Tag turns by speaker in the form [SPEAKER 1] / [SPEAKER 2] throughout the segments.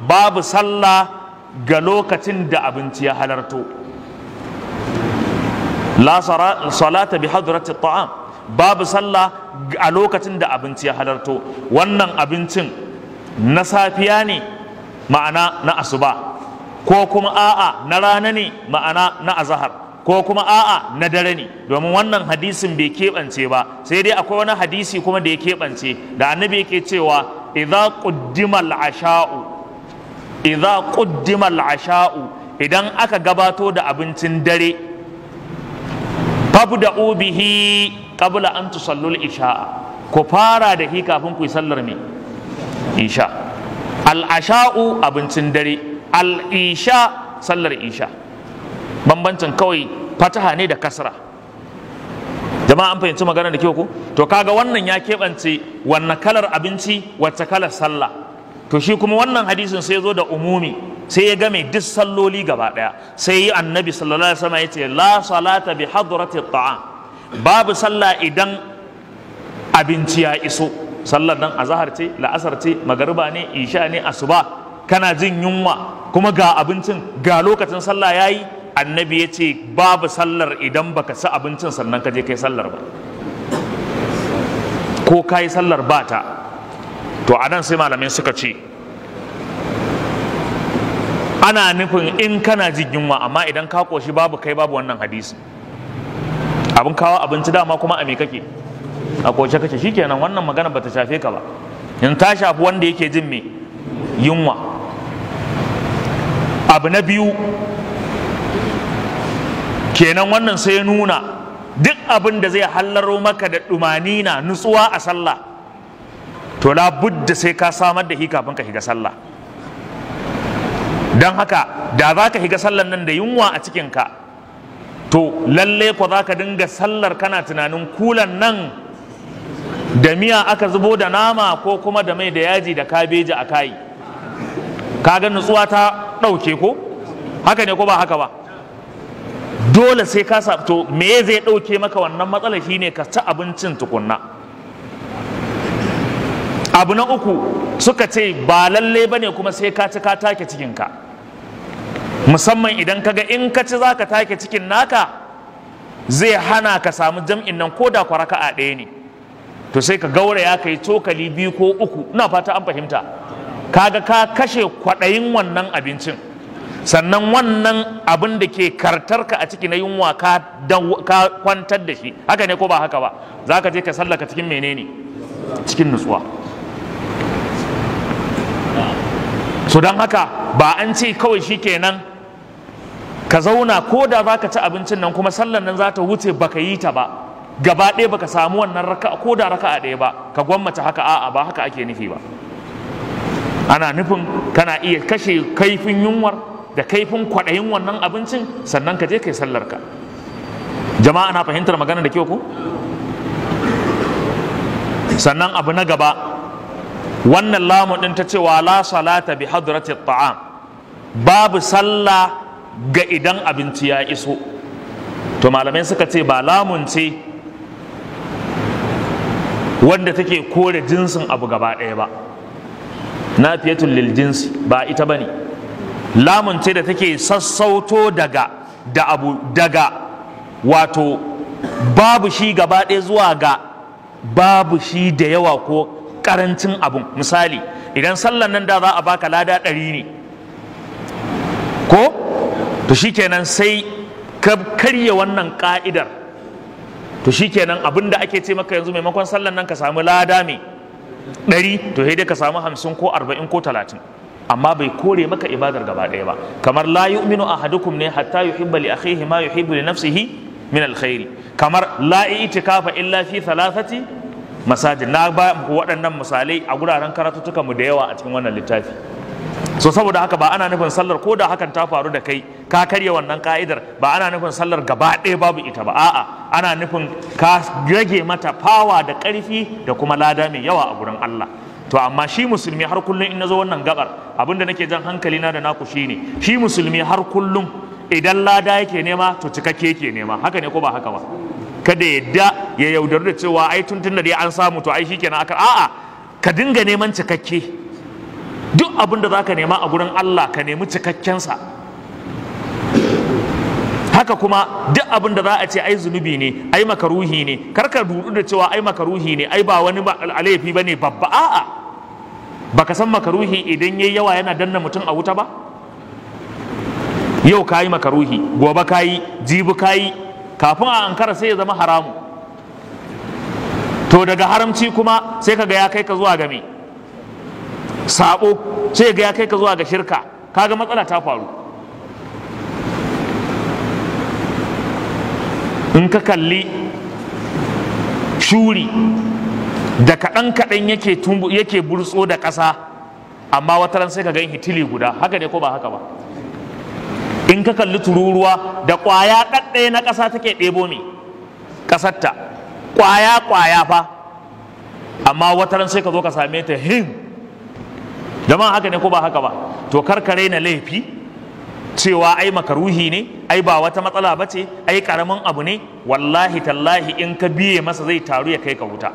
[SPEAKER 1] babu sallah ga lokacin da abinci ya halarto la salata bi hadratu ta'am babu sallah a lokacin da abinci ya halarto wannan abincin na safiya ne ma'ana na asuba ko kuma a'a na rana ne ma'ana na azahar ko kuma a'a na dare ne domin wannan hadisin bai keɓance ba sai dai akwai wani hadisi kuma da ya keɓance da annabi yake cewa idza quddima ashau idza quddima al-asha'u idan aka gabato da abincin dare fabda'u bihi qabla an tusallu al-isha'a ku fara da hi kafin ku sallar me isha al-asha'u abincin dare al-isha sallar isha bambancin kawai fataha ne da kasra jama'a an fahimci magana da kyau ko to kaga wannan ya kebance wannan kalar abinci wacce kalar sallah to shi kuma wannan hadisin sai zo da umumi sai ya game duk salloli gaba daya sai yi annabi sallallahu alaihi wasallam yace la salata bi hadrati ta'am babu sallah idan abinci ya iso sallar nan azhar ce la'asar ce magariba ne isha ne asuba kana jin yunwa kuma ga abincin ga lokacin sallah yayi annabi yace babu sallar idan baka ci abincin sannan ka je kai sallar ba ko kai sallar ba ta to a nan sai malamai suka ce ana nufin in kana jin yunwa amma idan ka koshi babu kai babu wannan hadisi abin kawo abinci dama kuma a me kake a koshe kake shikenan wannan magana bata shafe ka ba in ta shafi wanda yake jin me yunwa abu na biyu kenan wannan sai nuna duk abin da zai hallaro maka da dumani na nutsuwa a sallah to labudda sai ka samar da hi kafin ka shiga sallah don haka da za ka shiga sallar nan da yunwa a cikinka to lalle ku za ka dinga sallar kana tunanin kulan nan da miya aka zubo da nama ko kuma da mai da yaji da kabeji a kayi kaga nutsuwa ta ɗauke ko haka ne ko ba haka ba dole sai ka to me zai ɗauke maka wannan matsalar shine ka ci abincin tukunna abu na uku suka ce ba lalle ba ne kuma sai ka ci ka take cikinka musamman idan ka ga in ka ci za ka take cikin naka zai hana ka samu jam'in nan ko da kwaraka a ɗaya ne to sai ka gaura ya yi cokali biyu ko uku ina fata an fahimta kaga ka kashe kwaɗayin wannan abincin sannan wannan abin da ke kartar ka a ciki na yunwa ka kwantar da shi haka ne ko ba haka ba za ka je ka sallaka cikin menene cikin nutsuwa Su don haka ba an ce kawai shi kenan ka zauna ko da za ka ci abincin nan kuma sallan nan za ta wuce baka yi ta ba gaba ɗaya baka samu wannan raka ko da raka'a ɗaya ba ka gwammace haka a'a ba haka ake nufi ba ana nufin kana iya kashe kaifin yunwar da kaifin kwaɗayin wannan abincin sannan ka je kai sallar ka jama'a na fahimtar magana da kyau ko sannan abu na gaba wannan lamun din ta ce la salata bi hadrati ta'am babu sallah ga idan abinci ya iso to malamai suka ce ba lamun ce wanda take kore jinsin abu gaba ɗaya ba na fiyatun lil jinsi ba ita ba ne lamun ce da take sassauto daga da abu daga wato babu shi gaba ɗaya zuwa ga babu shi da yawa ko karancin abun misali idan sallan nan da za a baka lada ɗari ne ko to shikenan sai ka karya wannan ka'idar to shikenan abin da ake ce maka yanzu maimakon sallan nan ka samu lada mai ɗari to sai dai ka samu hamsin ko arba'in ko talatin amma bai kore maka ibadar gaba ɗaya ba kamar la yu'minu ahadukum ne hatta yuhibba li akhihi ma yuhibbu li nafsihi min alkhairi kamar la i'tikafa illa fi thalathati masajin na ba waɗannan misalai a guraren karatuttukan mu da yawa a cikin wannan littafi so saboda haka ba ana nufin sallar ko da hakan ta faru da kai ka karya wannan ka'idar ba ana nufin sallar gaba ɗaya babu ita ba a'a ana nufin ka rage mata fawa da ƙarfi da kuma lada mai yawa a gurin Allah to amma shi musulmi har kullum in nazo wannan gabar da nake jan hankali na da naku shine shi musulmi har kullum idan lada yake nema to cikakke yake nema haka ne ko ba haka ba kada yadda ya yaudaru da cewa ai tun tun da dai an samu to ai shikenan aka a'a ka dinga neman cikakke duk abin da zaka nema a gurin Allah ka nemi cikakken sa haka kuma duk abin da za a ce ai zunubi ne ai makaruhi ne karka dudu da cewa ai makaruhi ne ai ba wani alaifi bane babba a'a baka san makaruhi idan yayi yawa yana danna mutum a wuta ba yau kayi makaruhi gobe kayi jibi kayi kafin a ankara sai ya zama haramu to daga haramci kuma sai ga ya kai ka zuwa ga me sabo sai ga ya kai ka zuwa ga shirka kaga matsala ta faru in ka kalli shuri da kaɗan kaɗan yake yake burtso da ƙasa amma wata ran sai ka gan hitili guda haka ne ko ba haka ba in ka kalli tururuwa da ƙwaya ɗaɗɗaya na ƙasa take ɗebo mai, ƙasarta kwaya kwaya fa amma wata ran sai ka zo ka same ta hin jama'a haka ne ko ba haka ba to karkare raina laifi cewa ai makaruhi ne ai ba wata matsala ba ce ai karamin abu ne wallahi tallahi in ka biye masa zai taru ya kai ka wuta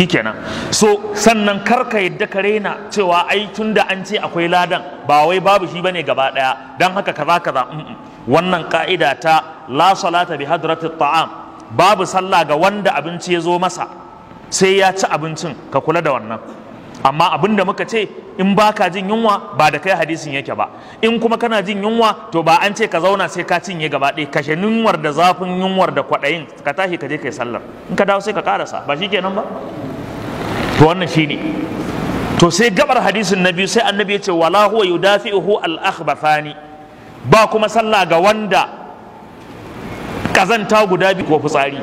[SPEAKER 1] kenan so sannan kar ka yadda ka raina cewa ai tunda an ce akwai ladan ba wai babu shi bane gaba daya dan haka kaza kaza wannan ka'ida ta la salata bi hadratit ta'am babu sallah ga wanda abinci ya zo masa sai ya ci abincin ka kula da wannan amma abin da muka ce in ba ka jin yunwa ba da kai hadisin yake ba in kuma kana jin yunwa to ba an ce ka zauna sai ka cinye gaba ɗaya kashe ninwar da zafin yunwar da kwaɗayin ka tashi ka je kai sallar in ka dawo sai ka karasa ba shi kenan ba to wannan ne? to sai gabar hadisin na biyu sai annabi ya ce wala huwa yudafi'uhu al-akhbathani ba kuma sallah ga wanda kazanta guda biyu ko fitsari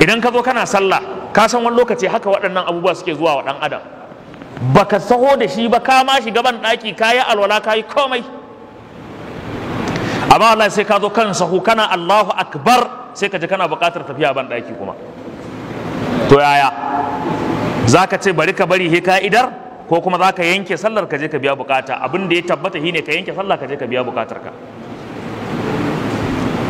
[SPEAKER 1] idan ka zo kana sallah ka san wani lokaci haka waɗannan abubuwa suke zuwa wa ɗan adam baka saho da shi ba ka ma shiga ban ɗaki ka yi alwala ka yi komai amma Allah sai ka zo kan sahu kana Allahu akbar sai ka ji kana buƙatar tafiya ban ɗaki kuma to yaya za ka ce bari ka bari he ka'idar ko kuma za ka yanke sallar ka je ka biya bukata abin ya tabbata shine ka yanke sallah ka je ka biya bukatar ka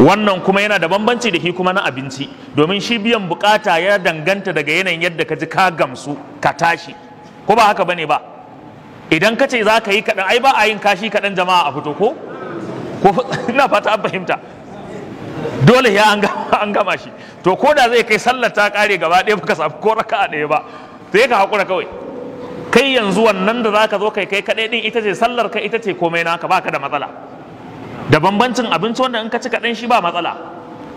[SPEAKER 1] wannan kuma yana da bambanci da shi kuma na abinci domin shi biyan bukata ya danganta daga yanayin yadda ka ji ka gamsu ka tashi ko ba haka bane ba idan ka ce za ka yi kaɗan ai ba a yin kashi kaɗan jama'a a fito ko ko ina fata an fahimta dole ya an gama shi to ko da zai kai sallar ta kare gaba ɗaya baka samu ko raka a ɗaya ba sai ka haƙura kawai kai yanzu wannan da za ka zo kai kai kaɗai ɗin ita ce sallar ka ita ce komai naka ka da matsala da bambancin abinci wanda in ka ci kaɗan shi ba matsala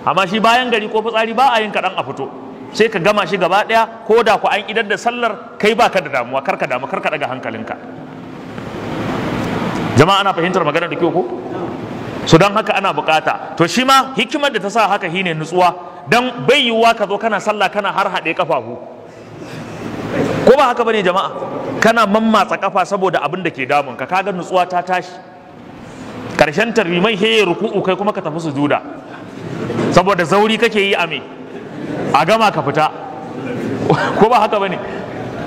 [SPEAKER 1] amma shi bayan gari ko fitsari ba a yin kaɗan a fito sai ka gama shi gaba ɗaya ko da ku an idar da sallar kai ba ka da damuwa kar ka damu kar ka ɗaga hankalinka jama'a ana fahimtar magana da kyau ko so don haka ana bukata to shi ma hikimar da ta sa haka shine nutsuwa don bai yiwuwa ka zo kana sallah kana har haɗe kafafu ko ba haka bane jama'a kana mammatsa kafa saboda abin da ke damun ka ga nutsuwa ta tashi karshen tarimai he ruku'u kai kuma ka tafi sujuda saboda zauri kake yi a me a gama ka fita ko ba haka bane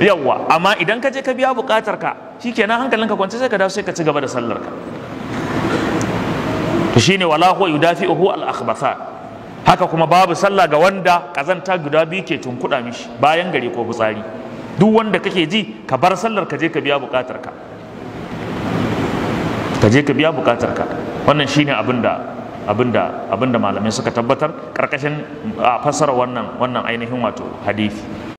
[SPEAKER 1] yawwa amma idan ka je ka biya bukatar ka shikenan hankalinka kwance sai ka dawo sai ka ci gaba da sallar ka to shine wala huwa yudafi'uhu al akhbathat haka kuma babu sallah ga wanda kazanta guda biyu ke tunkuɗa mishi bayan gari ko fitsari duk wanda kake ji ka bar sallar ka je ka biya bukatar ka ka je ka biya bukatar ka wannan shine ne abinda abin malamai suka tabbatar karkashin a fassara wannan wannan ainihin wato hadisi